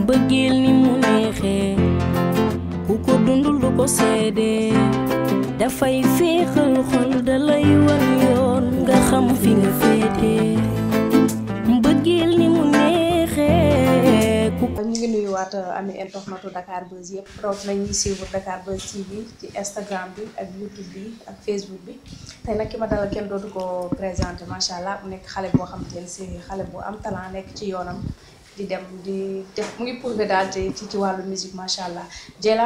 mbëggeel ni mu neexee ku ko dundul du ko seede dafay féexal xol dalay wan yoon nga xam fi nga féete mbëggeel ni mu neexee ku ñu ngi nuyuwaat uh, ami internetu Dakar Buzz yëpp root nañuy suivre Dakar Buzz TV ci Instagram bi ak YouTube bi ak Facebook bi tey nag ki ma dalal kenn dootu ko présenté macha allah mu nekk xale boo xam ne si xale boo am talent nekk ci yoonam di dem di def mu maa ngi lay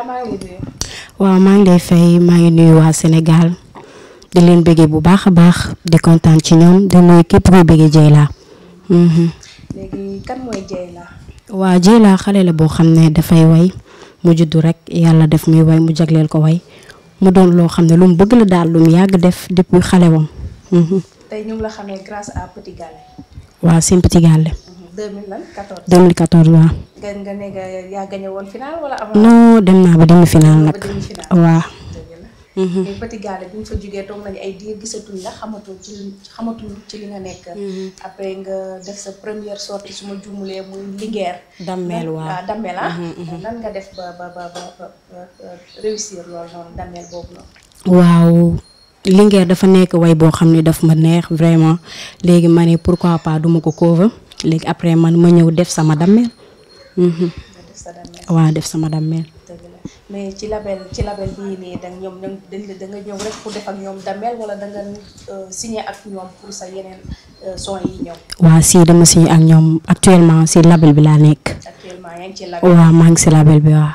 waaw maa ngi lay fay waa Sénégal di leen bëggee bu baax a baax di kontaan ci ñoom di nuyu képp kuy bëggee Dieyla. Mhm. waa Dieyla xale la boo xam ne dafay way mu juddu rek yàlla def muy way mu jagleel ko way mu doon loo xam ne lu bëgg la daal lu yàgg def depuis xale wam. Mhm. tey la 2014 2014 waaw. nga ne yaa dem naa ba demi final nag. waaw. Mhm. mais ci nekk. Mhm. après nga def sa première dafa nekk way boo xam ne daf ma neex vraiment léegi ma ne pourquoi pas duma ko cover. léegi après man ma ñëw def sama dammeel. Mhm. waaw def sama dammeel. mais ci label ci label bii nii da ñoom da nga ñëw rek ak ñoom damel euh, ak ñoom pour sa euh, si dama ak ñoom actuellement si label bi laa nekk. actuellement yaa ngi ci label bi waaw maa ngi si label bi waaw.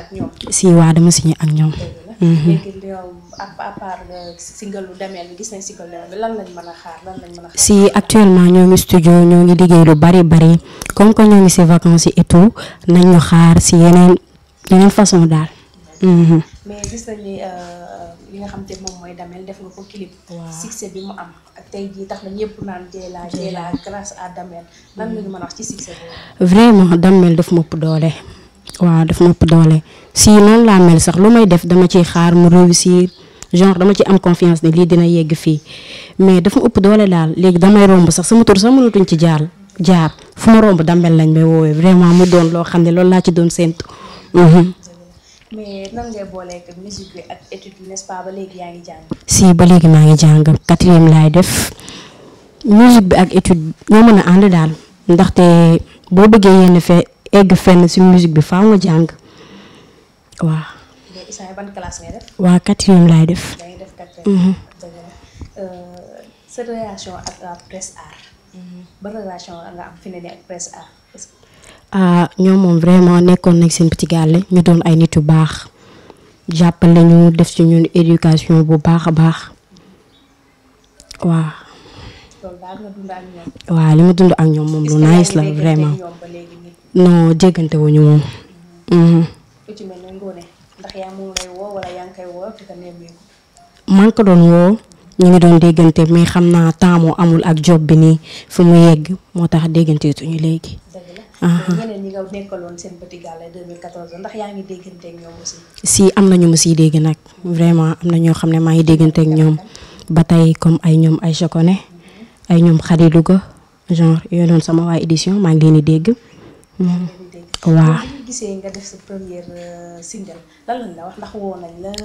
ak si waaw dama signé ak ñoom. Mhm. léegi ñoom um, euh, gis nañ single si actuellement ñoo ngi studio ñoo ngi liggéey lu bari bari comme que ñoo ngi si vacances yi et xaar si yeneen yeneen façon daal. Mhm. mais gis nañ yi euh, nga xam te moom mooy damel def nga ko clip. waaw bi mu am tey jii tax na ñëpp naan Dieyla Dieyla grâce à damel lan la ñu a wax ci succès bi. vraiment damel daf ma doole. waaw daf ma ëpp doole si noonu laa mel sax lu may def dama ciy xaar mu réussir genre dama ci am confiance ne lii dina yegg fii mais dafa ëpp doole daal léegi damay romb sax sama tur sax mënatuñ ci jaar jaar fu ma romb dambel lañ may woowee vraiment mu doon loo xam ne lool laa ci doon séntu. Mhm. mais nan ngay booleeg musique bi ak étude bi nest ba léegi yaa ngi jàng. si ba maa ngi jàng quatrième laay def musique bi ak étude ñoo mën a ànd daal ndaxte boo bëggee yenn fee egg fenn si musique bi faaw nga jàng waaw. Issa ban classe ngay def. def. Mhm. Euh, mhm. ah, ñoom moom vraiment nekkoon nañ si petit gàlle ñu doon ay nit yu baax jàppale ñu def ci ñun éducation bu baax a baax waaw. waaw li ma dund ak ñoom moom lu nice la vraiment. non jéggante moom. Mhm. ku ci ko maa ngi ko doon woo ñu ngi doon déggante mais xam naa temps amul ak job bi nii fu mu yegg moo tax dégganteetuñu léegi. Ah, ah. si am na ñu mu si dégg nag vraiment am na ñoo xam ne maa ngi déggante ak ñoom ba tey comme ay ñoom ay Chocone ay ñoom Khady Louga genre yooyu noonu sama waa édition maa ngi leen di dégg. waaw gisee nga def euh,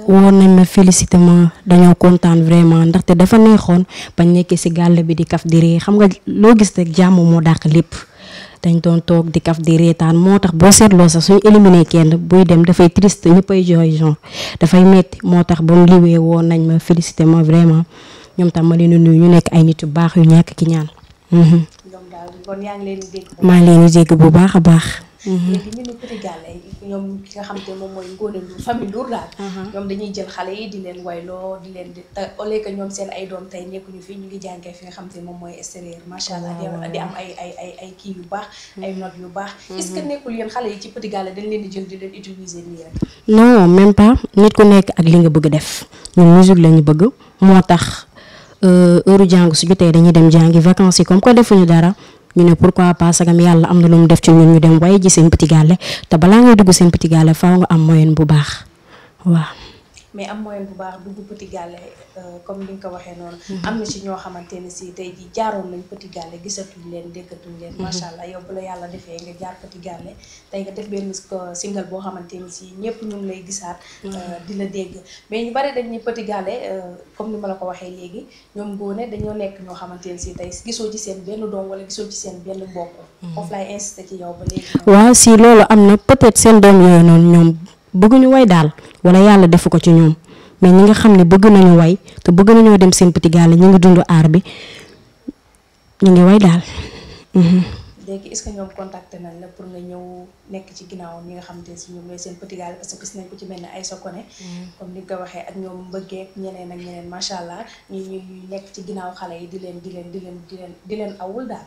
woo nañ ma félicité ma dañoo kontaan vraiment ndaxte dafa neexoon bañ nekkee si gàll bi di kaf di ree xam nga loo gis rek jàmm moo dàq lépp. dañ doon toog di kaf di reetaan moo tax boo seetloo sax suñu éliminé kenn buy dem dafay triste ñëppay jooy dafay metti moo tax ba mu woo nañ ma félicité ma vraiment ñoom tam ma leen nuyu ñu nekk ay nit yu baax yu ñàkk ki ñaan. Mhm. kon yaa maa ngi leen di dégg bu baax a baax. Mhm. ñoom ki nga xam moom mooy Ngoné Ndour famille mhm. dañuy jël xale yi di leen wayloo di leen di te ay doom tey nekkuñu fi ñu ngi jàngee fi nga xam te moom mooy extérieur macha allah ah. di am ay ay ay kii yu baax. Mhm. ay notes yu baax. est-ce que même pas nit ku nekk ak li nga bëgg def ñun musique la ñu bëgg moo tax euh, heure jàngu su jotee dañuy dem jàngi vacances yi comme ko defuñu dara. ñu ne pourquoi pas sagam yàlla am na lu mu def ci ñun ñu dem waaye ji seen Petit te balaa ngay dugg seen Petit Galle faaw nga am moyen bu baax waa mais am moyen bu baax dugg Petit Galle euh, comme ni nga ko waxee noonu. Mm-hmm. am na ci ñoo xamante ne si tey jii jaaroon nañ Petit Galle gisatuñ leen déggatuñ leen. Mm-hmm. macha allah yow la yàlla defee nga jaar Petit Galle tey nga def benn single boo xamante ne si ñëpp ñu ngi lay gisaat. Mm-hmm. Euh, di la dégg mais ñu bare dañ ni Petit Galle euh, comme ni ma la ko waxee léegi ñoom góone dañoo nekk ñoo xamante ne si tey gisoo seen benn doom wala gisoo seen benn mbokk. foofu laay insisté ci yow ba léegi. am na peut-être seen doom noonu ñoom ñu way daal. wala yàlla defu ko ci ñoom mais ñi nga xam ne bëgg nañu way te bëgg nañoo dem seen petit gàlle ñu ngi dund aar bi ñu ngi way daal. Mhm. léegi est-ce que ñoom contacté nañ la ñëw nekk ci ginnaaw ñi nga xam te si ñoom seen petit gàlle parce que ci mel ni ay sokone mhm. comme ni nga ko waxee ak ñoom mbëggeeg ñeneen ak ñeneen macha allah ñu nekk ci ginnaaw xale yi di leen di di leen di di leen awul daal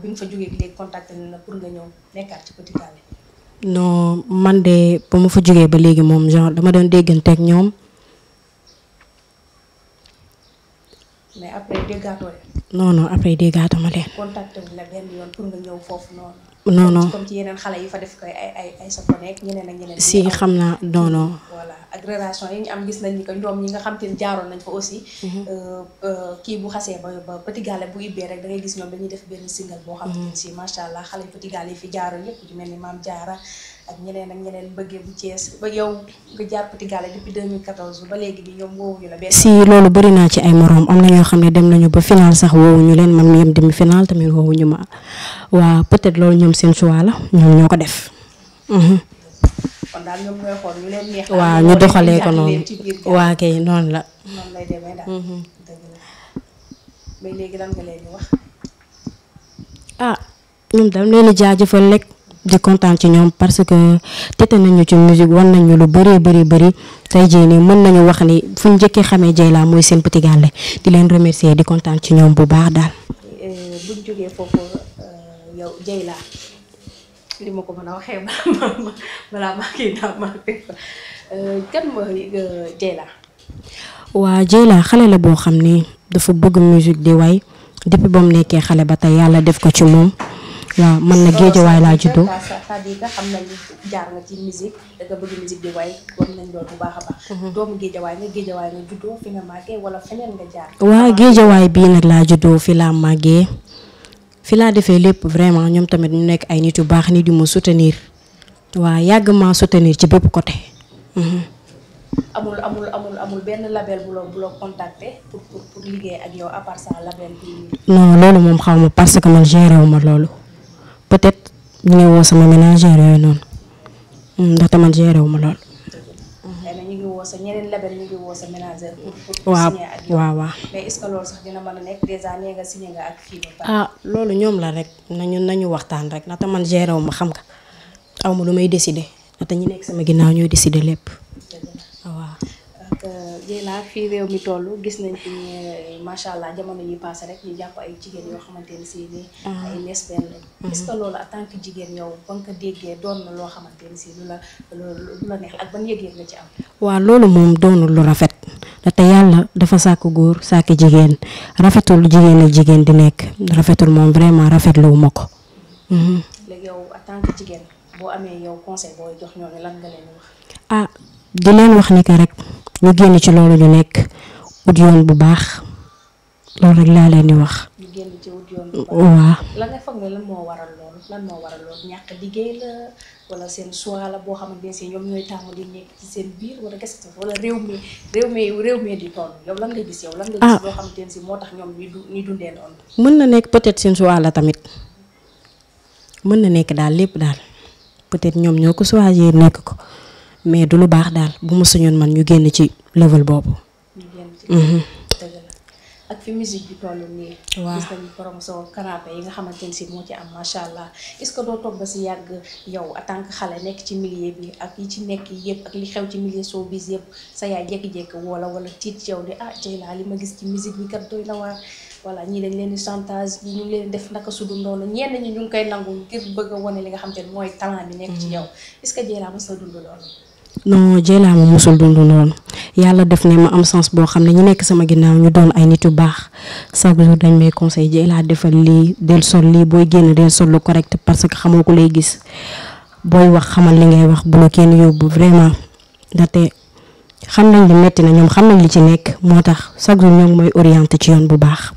bi nga fa jógee léegi contacté nañ la pour nga ñëw nekkaat ci petit gàlle non man de ba ma fa jógee ba léegi moom genre dama doon dégganteeg ñoom. mais après déggaatoo leen. non non après déggaatuma leen. contacté yoon pour nga ñëw non non comme ci yeneen xale yi fa def koy ay ay ay sa si xam naa non non. voilà ak yi am gis nañ ni ko ñi nga xam te ne nañ fa aussi. Mhm. Euh, euh, kii bu xasee ba ba Petit bu ubbee rek da ngay gis ñoom dañuy def benn single boo xam mhm. si macha allah xale yi fi jaaroon yëpp ju mel ni maam jaara ak ñeneen ak ñeneen bëggee bu Thiès ba yow nga jaar Petit Gallé depuis 2014 léegi bi ñoom woowuñu la loolu bëri naa ci ay moroom am na ñoo xam ne dem nañu ba final sax woowuñu leen man mi yem demi final tamit woowuñu ma waaw peut-être loolu ñoom seen choix la ñoom ñoo ko def. Mhm. kon daal ñoom ñooy ñu doxalee ko noonu waaw kay noonu la. noonu mhm. la mais léegi lan nga ah ñoom dam leen di jaajëfal rek di kontaan ci ñoom parce que tete nañu ci musique wan nañu lu bëree bëri bëri tey jii nii mën nañu wax ni fu ñu njëkkee xamee Dieyla mooy seen Petit Galle di leen remercier di kontaan ci ñoom bu baax daal. Eh, la naa maa waa Dieyla xale la boo xam ni dafa bëgg musique di way depuis ba nekkee xale ba tey yàlla def ko ci moom waaw man na géejawaay laa juddoo. c'est-à-dire waa géejawaay bii nag laa juddoo fi laa màggee. fi laa defee lépp vraiment ñoom tamit ñu nekk ay nit yu baax nit yu mu soutenir waa yàgg maa soutenir ci bépp côté. Mhm. amul amul amul amul benn label bu la bu la contacter pour ak yow à part ça loolu moom xaw ma parce que man géré wu ma loolu peut-être ñu woo sama ménagère yooyu noonu hmm, ndaxte man géré wu ma loolu. woo sa ñeneen label ñu sa manager. waaw waaw mais est ce que loolu sax dina a ah loolu ñoom la rek nañu nañu waxtaan rek ndaxte man géré wu ma xam nga aw ma lu may décider ndaxte ñi nekk sama ginnaaw ñooy décider lépp. Euh, Dieyla fii réew mi toll gis nañ fi euh, macha allah jamono yi passé rek ñu jàpp ay jigéen yoo xamante ne si ni ah. ay lesbiennes lañ. Mm-hmm. loo xamante ne si lu la ak ban yëg-yëg ci am. waaw loolu moom doonul lu rafet te yàlla dafa sàkk góor sàkk jigéen rafetul jigéen ak jigéen di nekk rafetul moom vraiment rafet wu ma ko. Mm-hmm. ah di leen wax ni que ñu génn ci loolu ñu nekk ut yoon bu baax loolu rek laa leen di wax. ñu génn ci ut la nga foog moo waral moo waral loolu boo xamante si wala réew mi réew mi réew yow lan nga gis yow. lan nga gis ah. loo xamante ne si mën na nekk peut-être seen choix la tamit mën na nekk daal lépp daal peut-être ñoom ñoo ko choisir nekk ko. mais du lu baax daal bu ma suñoon man ñu génn ci level boobu. ñu génn ci mhm. ak fi musique bi toll nii. waaw gis nañu promotion canapé yi nga xamante ne si moo ci am macha allah est-ce que doo toog ba si yàgg yow tant que xale nekk ci milieu bi ak yi ci nekk yëpp ak li xew ci milieu showbiz yëpp sa yaay jékki-jékki wala wala tiit yow de ah Dieyla li ma gis ci musique bi kat doy na waar. ñii dañ leen di chantage ñu ngi leen def naka su dul noonu ñenn ñi ñu ngi koy nangu ngir bëgg a wane li nga xam ne mooy talent bi nekk ci mhm. yow est-ce que Dieyla mos a dund non Dieyla ma mosul dund noonu yàlla def ne ma am sens boo xam ne ñu nekk sama ginnaaw ñu doon ay nit yu baax chaque jour dañ may conseil Dieyla defal lii del sol lii booy génn del sol lu correct parce que xamoo ko lay gis booy wax xamal li ngay wax bu la kenn yóbbu vraiment ndaxte xam nañ li metti na ñoom xam nañ li ci nekk moo tax chaque jour ñoo ngi may orienté ci yoon bu baax.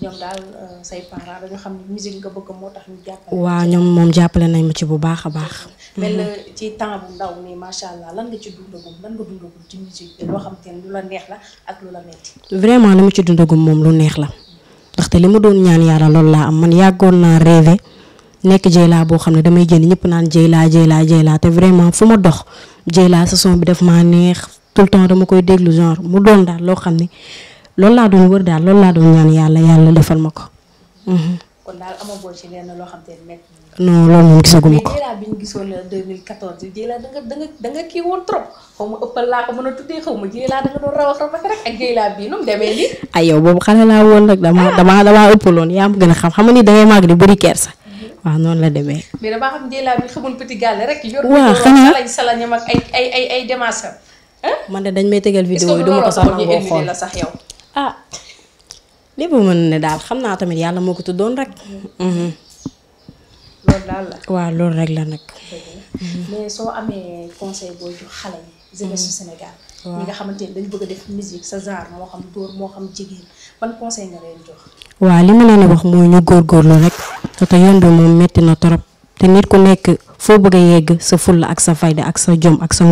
ñoom daal euh, say parents waaw ñoom moom jàppale nañ ma ci bu baax a baax. mel la mhm. ci temps bu ndaw nii macha allah nga ci dundagum lan nga dundagum ak vraiment li mu ci moom lu neex la ndaxte li ma doon ñaan yàlla loolu laa am man yàggoon naa rêvé nekk laa boo xam ne damay génn ñëpp naan laa Dieyla laa te vraiment fu ma dox Dieyla sa son bi def maa neex tout le temps dama koy déglu genre mu doon daal loo xam ne loolu laa doon wër daal loolu laa doon ñaan yàlla yàlla defal ma ko. Mhm. non loolu moom gisaguma ko. mais Dieyla euh, da ko mën a tuddee xaw ma Dieyla da nga doon rawax rawax rek ak Dieyla bii nu mu demee nii. ay yow gën a xam xam nga ni dangay màgg di bëri kersa. Mm-hmm. waaw noonu la demee. mais damaa xam Dieyla bi xamul petit gàlle rek. waaw xanaa yor salañam ak ay ay ay de dañ may tegal vidéo yi du ma ko sax nangoo xool la sax yow ah, lépp mën ne daal xam naa tamit yàlla moo ko tuddoon rek mm-hmm. Mm-hmm. loolu waaw loolu rek la nag. soo amee conseil boo jox xale yi. jeunesse su waaw ñi nga xamante a def musique sa góor moo rek te moom metti na trop te nit ku nekk foo bëgg a sa fulla ak sa fayda ak sa jom ak sa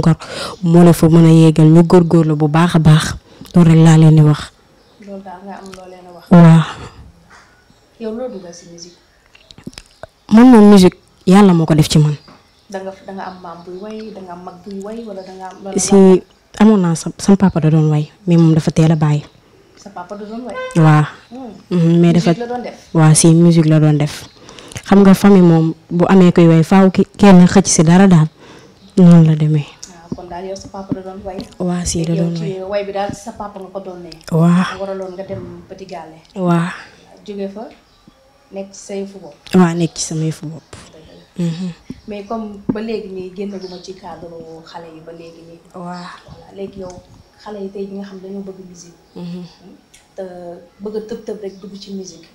moo la fa mën a yeggal ñu góorgóorlu bu baax a baax loolu rek laa leen di wax. loolu man moom musique yàlla moo ko def ci man. da nga da nga am maam buy way da si amoon naa sa sama papa da doon way mais moom dafa teel a bàyyi. sa hmm. mhm, mais dafa musique la doon def. waaw si musique la doon def. xam nga famille moom bu amee koy way faaw ki kenn xëcc si dara daal noonu la demee. Ah, kon da doon way. waaw si da doon way way bi nekk ci sa yëfu bopp. waaw nekk ci sama mm-hmm. mais comme ba léegi nii génn gu ma ci cadre xale yi ba léegi nii. waaw voilà léegi yow xale yi tey ñi nga xam dañoo bëgg musique. Mm-hmm. Mm-hmm. te bëgg a tëb tëb rek dugg ci musique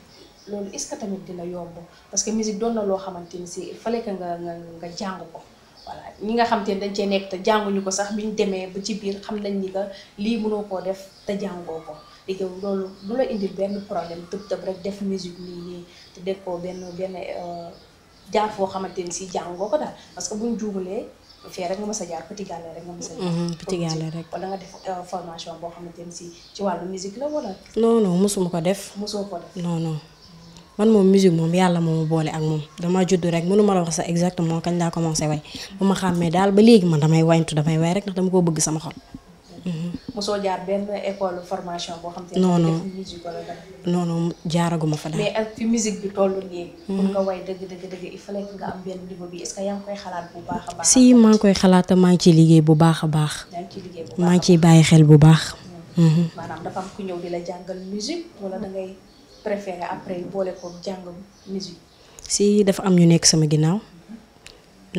loolu est-ce que tamit yomb parce que musique doon na loo xamante ni si il fallait nga nga jàng ko. voilà ñi nga xam te ne dañ cee nekk te jànguñu ko sax bi demee ba ci biir xam nañ ni que lii mënoo koo def te jàngoo ko léegi loolu du la indil benn problème tëb tëb rek def musique nii nii. te def ko benn benn euh, jaar foo xamante ni si jàngoo ko daal parce que bu ñu juumalee fee rek nga mës a jaar Petit Galle rek nga mës a jaar. Mm-hmm, rek wala nga def euh, formation boo xamante ni si ci wàllu musique la wala. non ko def. mosoo ko def non non. man moom musique moom yàlla moo ma boole ak moom dama judd rek mënu ma la wax sax exactement kañ laa commencé way bu ma xàmmee daal ba léegi man damay wayantu damay way rek ndax dama koo bëgg sama xol. mosoo jaar benn école formation boo xam jaaraguma fa bi toll nii. Mm-hmm. koy xalaat si maa ngi koy xalaat maa ngi ciy liggéey bu baax a baax. maa ngi ciy bàyyi xel bu baax. Mm-hmm. Mm-hmm. ku ñëw di la jàngal musique wala jàng musique. si dafa am ñu nekk sama ginnaaw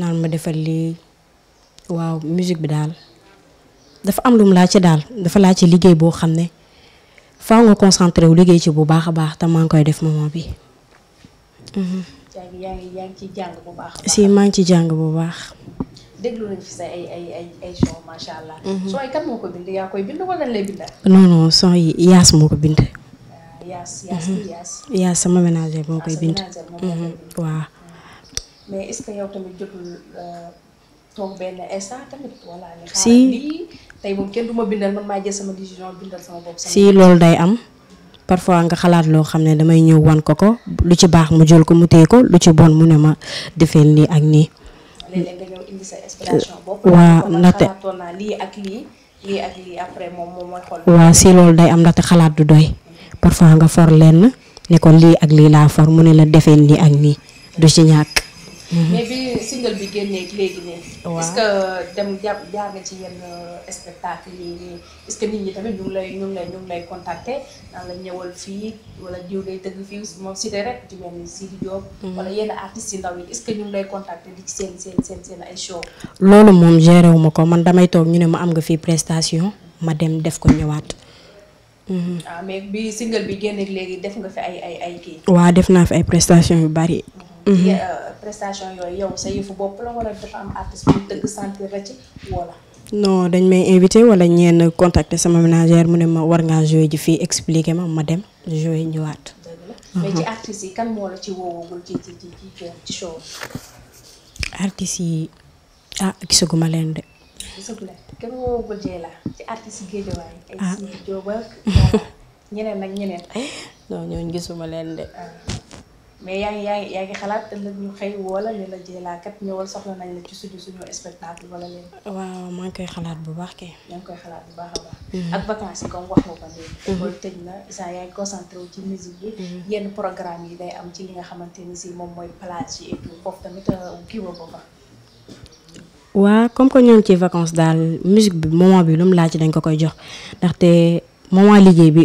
naan ma defal lii waaw musique bi daal. dafa am lu mu laaj ci daal dafa laaj ci liggéey boo xam ne faaw nga concentré wu liggéey ci bu baax a baax te maa ngi koy def moment bi mhm. yaa si maa ngi ciy jàng bu baax. déglu mhm. bind yaa koy bind yaas moo ko bind. Ah, mhm. yaas sama ménager moo koy ah, bind. waaw. Hmm. tey moom ma bindal si loolu day am parfois nga xalaat loo xam ne damay ñëw wan ko ko lu ci baax mu jël ko mu téye ko lu ci bon mu ne ma defee nii ak nii. léeg-léeg nga ndaxte xalaatoon naa lii si loolu day am ndaxte xalaat du doy parfois nga for lenn ne lii ak lii laa for mu ne la defee nii ak nii du ci ñàkk. Mhm. mais bi single bi génneeg léegi ne waaw que dem jàpp jaar nga ci yenn euh, spectacle yi est que nit ñi tamit ñu ngi lay ñu ngi ñëwal fii wala jiw day tëgg fii moom si de rek ci mel ni Sidi Diop. Mhm. yenn artistes yi ndaw yi est que ñu lay contacter loolu moom géré wu ko man damay toog ñu ne ma am nga fii prestation ma dem def ko ñëwaat. Mhm. ah mais bi single léegi def nga fi ay ay ay kii. def naa fi ay prestation yu bari. Mm-hmm. Uh, prestation yooyu yow sa yëfu bopp la wala dafa am artiste dañ may invité wala ñeen contacter sama ménagère mu ne ma war ngaa joué ji fii expliqué ma ma dem joué ñëwaat. mais ci mm-hmm. yi kan moo la ci woowagul ci ci ci ci ah gisaguma leen de. gisaguma kenn woowagul ah. leen de. Ah. mais yaa ngi yaa ngi xalaat ëllëg ñu xëy ñu la jëlaa kat ñëwal soxla nañ la ci suñu suñu spectacle waaw maa ngi koy xalaat bu baax kay. yaa ngi koy xalaat bu baax a mhm. ak vacances yi comme wax mhm. loolu tëj na saa yaa ngi wu ci musique mhm. programme yi day am ci li nga xamante ni si moom mooy plage yi et tout foofu tamit euh, kii woo ko fa. waa comme que ñoo ci vacances daal musique bi moment bi lu mu laaj dañ ko koy jox ndaxte moment liggéey bi.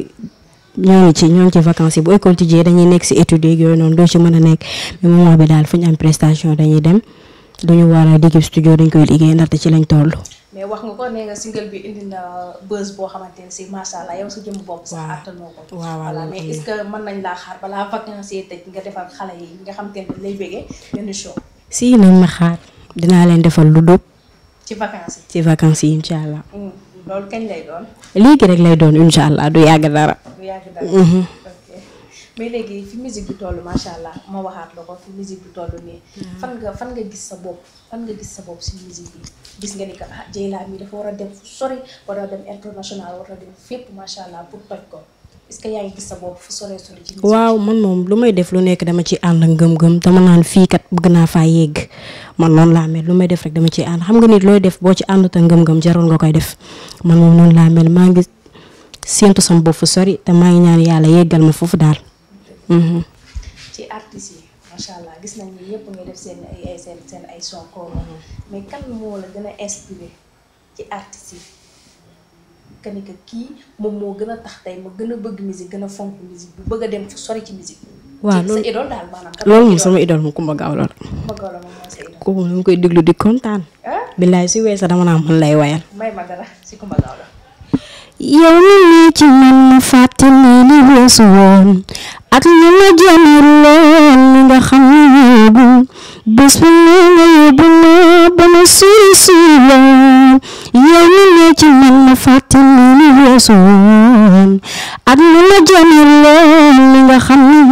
ñoo ngi ci ñoo ngi ci vacances yi bu école tijjee dañuy nekk si études yeeg yooyu noonu doo ci mën a nekk mais moment bi daal fu ñu am prestation dañuy dem du ñu war a liggéey studio dañ koy liggéey ndaxte ci lañ toll. mais wax nga ko nee nga single bi indi na buzz boo xamante ne si macha allah yow sa jëm bopp. waaw sa àttanoo ko. waaw voilà mais est ce que mën nañ laa xaar balaa vacances yi tëj nga defal xale yi nga xam te ne lay bëggee benn show. si nañ ma xaar dinaa leen defal lu dóob. ci vacances yi ci vacances yi incha allah. Hmm, loolu kañ lay doon. léegi rek lay doon incha allah du yàgg dara. du mhm. mais léegi fi musique bi toll macha allah ma waxaat la ko fi musique bi toll nii. Mhm. fan nga fan nga gis sa bopp fan nga gis sa bopp si musique bi gis ah, allah pour que yaa ngi sa bopp fu sore waaw man moom lu may def lu nekk dama ci ànd ngëm-ngëm dama naan fii kat bëgg naa faa yegg man noonu laa mel lu may def rek dama ciy ànd xam nga nit looy def boo ci ànd te ngëm-ngëm jarul nga koy def man moom noonu laa mel maa ngi séentu sama bopp fu sori te maa ngi ñaan yàlla yeggal ma foofu daal. Mhm. ci artistes yi macha allah gis nañu ñëpp nga def kii moom moo gën a tax tey ma gën a bëgg musique gën a fonk musique bu bëgg dem fu sori ci musique. waaw loolu loolu sama idol moom Kumba Gawlo la. kooku moom mu koy déglu di kontaan. Eh? billaay si weesa dama naa mën lay wayal. yow mi nii ci man ma fàtte nii li weesu woon ak li ma jëme lool li nga xam mi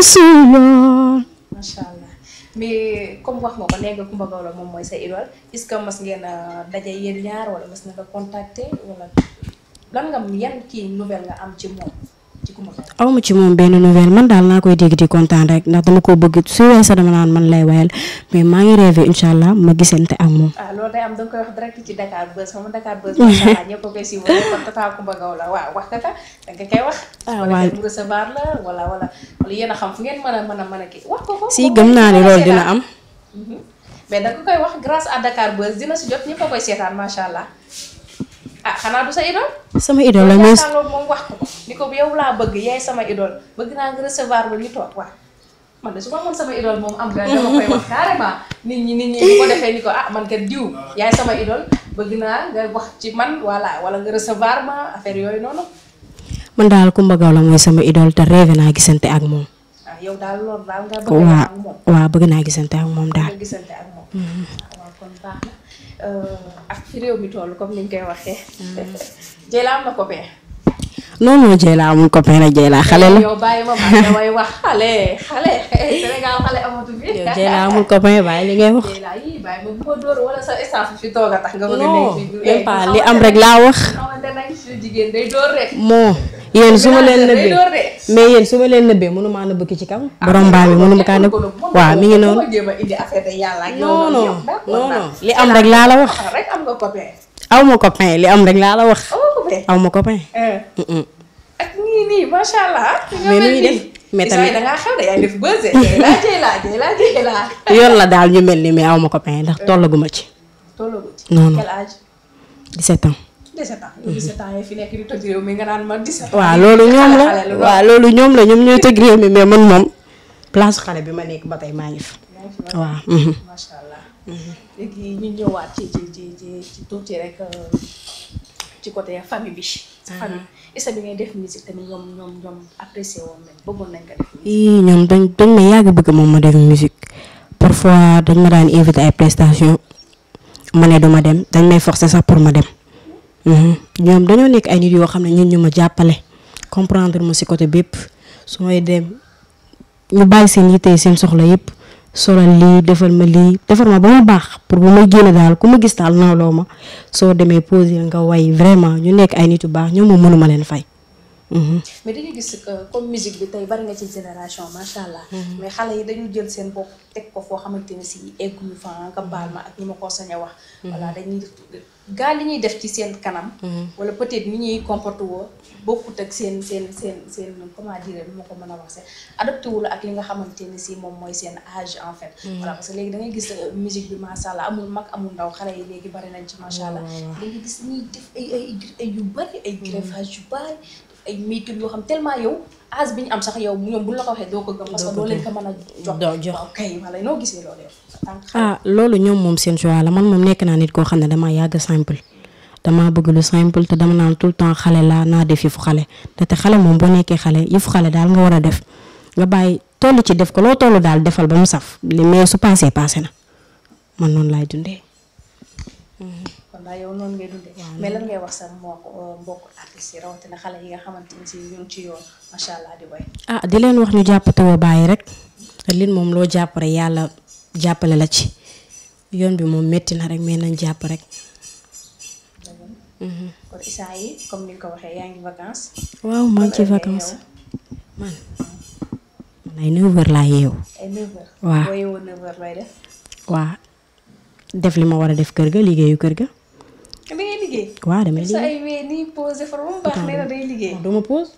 rasulullah macha allah mais comme wax nga ko nee nga Coumba Gawlo moom mooy sa idole est-ce que mas ngeen daje yéen ñaar wala mas na nga contacter wala lan nga yan kii nouvelle nga am ci moom. awma ci moom benn nouvelle man daal naa koy dégg di kontaan rek ndax dama ko bëgg su waay sax dama naan man lay wayal mais maa ngi rêvé incha allah ma gisante ak moom. ah loolu day am da nga koy wax direct ci Dakar Buzz xam nga koy wax da ah, nga a xam fu ngeen mën a mën a mën si gëm naa ne loolu dina am. Mhm. mais da nga koy wax grâce à Dakar Buzz dina si jot ñëpp a koy seetaan macha ah xanaa du sa idole. sama idole la mais yow laa bëgg yaay sama idole bëgg naa nga recevoir ba ñu moom am. dama wax carrément ñi nit ñi bu ko ni ko ah man kat yaay sama idole bëgg naa nga wax ci man voilà wala nga recevoir ma affaire yooyu noonu. man daal Coumba Gawlo mooy sama idole te rêvé naa gisante ak moom. Ah, yow daal loolu bëgg naa ak moom gisante ak moom daal. bëgg Euh, ak ci réew mi toll comme niñ koy waxee. Dieyla am na copain. non non amul copain rek Dieyla xale la. yow bàyyi wax xale amul copain bàyyi li ngay wax. Dieyla yii bàyyi ma door wala sa essence fi toog tax nga bëgg a nekk. non même pas li am rek laa wax. moo. yéen su ma leen nëbbee mais yéen su ma leen nëbbee mënu maa nëbb ki ci kaw. Ah, borom mbaam mi mënu ma kaa nëbb waaw mi ngi noonu. non non non non li am rek laa la wax. aw ma copain li am rek laa la wax. aw ma copain. Eh. ak nii nii macha allah. Ah, mais nu ñuy def mais tamit da ngaa xew de yaa ngi def buzz yoon la daal ñu mel ni mais aw ma copain ndax eh. tollaguma ci. tollaguma ci non non 17 ans. 17 mi nga naan loolu ñoom la waaw loolu ñoom la ñooy toj réew mi mais man moom place xale bi ma nekk ba tey maa ngi fi. waaw. Mhm. Euh, famille ah. ii ñoom dañ dañ ma yàgg bëgg moom ma def musique parfois dañ ma daan invité ay prestation ma ne du ma dem dañ may forcer sax pour ma dem. Mm-hmm. ñoom dañoo nekk ay nit yoo xam ne ñun ñu ma jàppale comprendre ma si côté bépp su may dem ñu bàyyi seen yitte seen soxla yëpp solal lii defal ma lii defal ma ba mu baax pour bu may génne daal ku ma gis daal nawloo ma soo demee posé nga way vraiment ñu nekk ay nit yu baax ñoom moom mënuma leen fay. Mm-hmm. mais dañuy gis comme musique bi macha allah. Mm-hmm. mais xale yi dañu jël seen bopp teg ko foo xamante ne si fa nga baal ma ma ko sañ a gaa li ñuy def ci seen kanam. Mhm. wala peut-être ni ñuy comporté woo bokkut ak seen seen seen seen comment dire lu ma ko mën a wax seen wul ak li nga xamante ne si moom mooy seen age en fait. Mhm. voilà parce que léegi da ngay gis euh, musique bi macha amul mag amul ndaw xale yi léegi bari nañ ci macha allah. da ngay gis ñuy def ay ay yu bari ay mhm. greffage yu bari. ay métiers ñoom ah, loolu ñoom moom seen choix la man moom nekk naa nit koo xam ne damaa yàgg simple. damaa bëgg lu simple te dama naan tout le temps xale laa naa def yëfu xale te xale moom boo nekkee xale yëfu xale daal nga war a def nga bàyyi toll ci def ko loo toll daal defal ba mu saf li mais su passé passé na man noonu laay dundee. Hmm. naa yow noonu wax sa mbokk euh, mbokk artistes yi rawatina yi nga xamante ci yoon macha di ah di leen wax ñu jàpp te bàyyi rek lin moom loo jàpp yàlla jàppale la ci yoon bi moom metti na rek mais nañ jàpp rek. Mhm. kon ni ko waxee yaa ngi vacances. waaw maa ngi ci vacances man. ay 9 laa yeewu. ay def. li ma war a def kër ga liggéeyu kër ga. waa damay liggéey du ma pose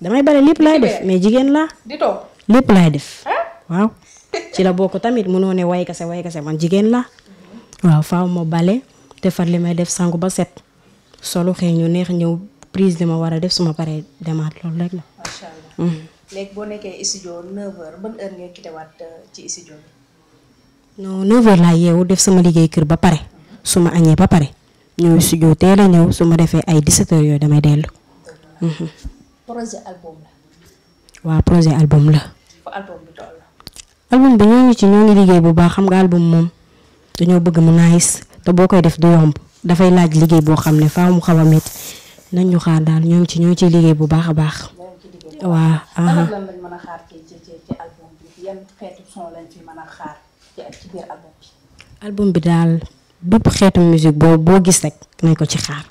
damay bale lépp laay def mais jigéen laa. di lépp laay def. waaw ci la bokk tamit mënoo ne way kase way kase man jigéen laa. waaw faaw ma bale defar li may def sangu ba set solo xëy ñu neex ñëw prise di ma war a def suma pare demaat loolu rek la. macha allah léegi boo nekkee studio 9h yeewu def sama liggéey kër ba pare su ma añee ba pare ñëw studio teel ñëw su ma defee ay 17 heures yooyu damay dellu. Mhm. projet album la. waaw album bi toll. ci ñoo liggéey bu baax xam nga album moom dañoo bëgg mu nice te boo koy def du dafay laaj liggéey boo xam ne faaw mu xaw nañ ñu xaar daal ñoo ngi ci ñoo ngi liggéey bu baax a baax. waaw. album bi daal bépp xeetu musique boo boo gis rek nañ ko ci xaar.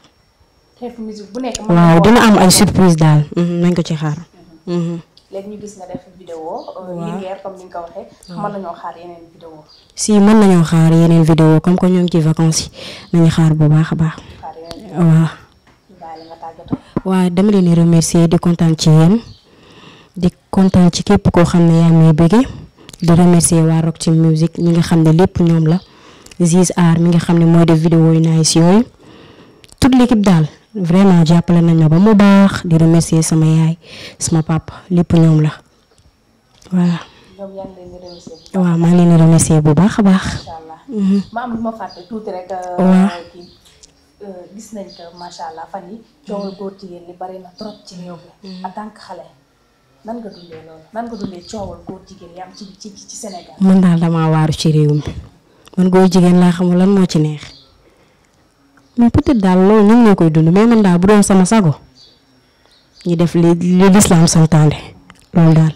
xeetu musique waaw dina am ay surprise daal mhm, nañ ko ci xaar. Mhm. Mhm. Euh, si mën nañoo xaar yeneen vidéo comme que ñoo ngi ci vacances yi nañu xaar bu baax a baax. xaar yeneen waaw. waaw dama leen di di kontaan ci yéen di kontaan ci képp koo xam ne yaa ngi may bëgge di remercier waa Rock Team Music ñi nga xam ne lépp ñoom la. Ziz Aar mi nga xam ne mooy de vidéo yu nice yooyu toute l'équipe daal vraiment jàppale nañ ma ba mu baax di remercier sama yaay sama papa lépp ñoom la voilà. waaw maa ngi leen remercier bu baax a baax. Mhm. ma am lu ma fàtte euh, euh, mën mhm. daal damaa waaru ci réew mi. man góor jigéen laa xamul lan moo ci neex mais peut daal loolu ñun ñoo koy dund mais man daal bu doon sama sago ñu def li li lislaam santaane loolu daal.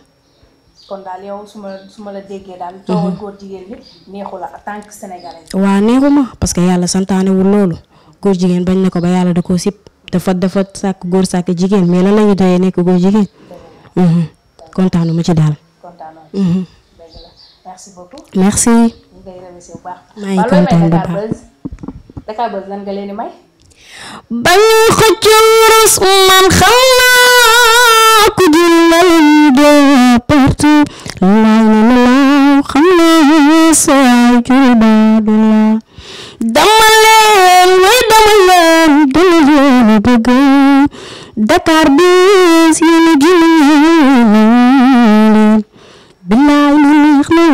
kon daal yow su ma su ma la déggee daal. doon mhm. góor jigéen bi neexu la en tant parce que yàlla santaanewul loolu góor jigéen bañ na ko ba yàlla da koo sib dafa dafa sàkk góor sàkk jigéen mais lan la ñuy doyee nekk góor jigéen. Mhm. kontaanu ma ci daal. Mhm. merci. ñu koy man xam naa ku jël lay dee parti laay na la xam naa saa jur baadu la dama leen way dama leen dama leen bëgg Dakar Buzz yéen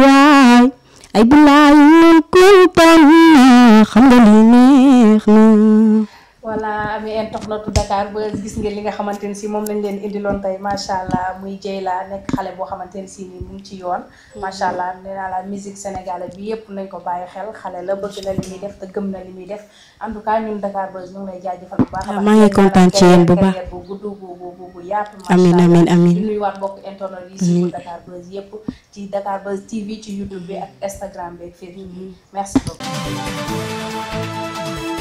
a ay bu laay mun kumpan xam nga internetu Dakar ba gis ngeen li nga xamante ne si moom lañ leen indiloon tey macha allah muy Dieyla nekk xale boo xamante ne si nii mu ngi ci yoon. Mm-hmm. macha allah nee naa la musique sénégalaise bi yëpp nañ ko bàyyi xel xale la bëgg na li muy def te gëm na li muy def en tout cas ñun Dakar ba ñu ngi lay jaajëfal bu baax. maa ngi kontaan ci yéen bu baax bu gudd bu bu bu yaatu. amiin amiin amiin di nuyuwaat mbokk internet yi si Dakar Buzz yëpp ci Dakar Buzz TV ci YouTube bi ak Instagram bi ak Facebook bi mm-hmm. merci beaucoup.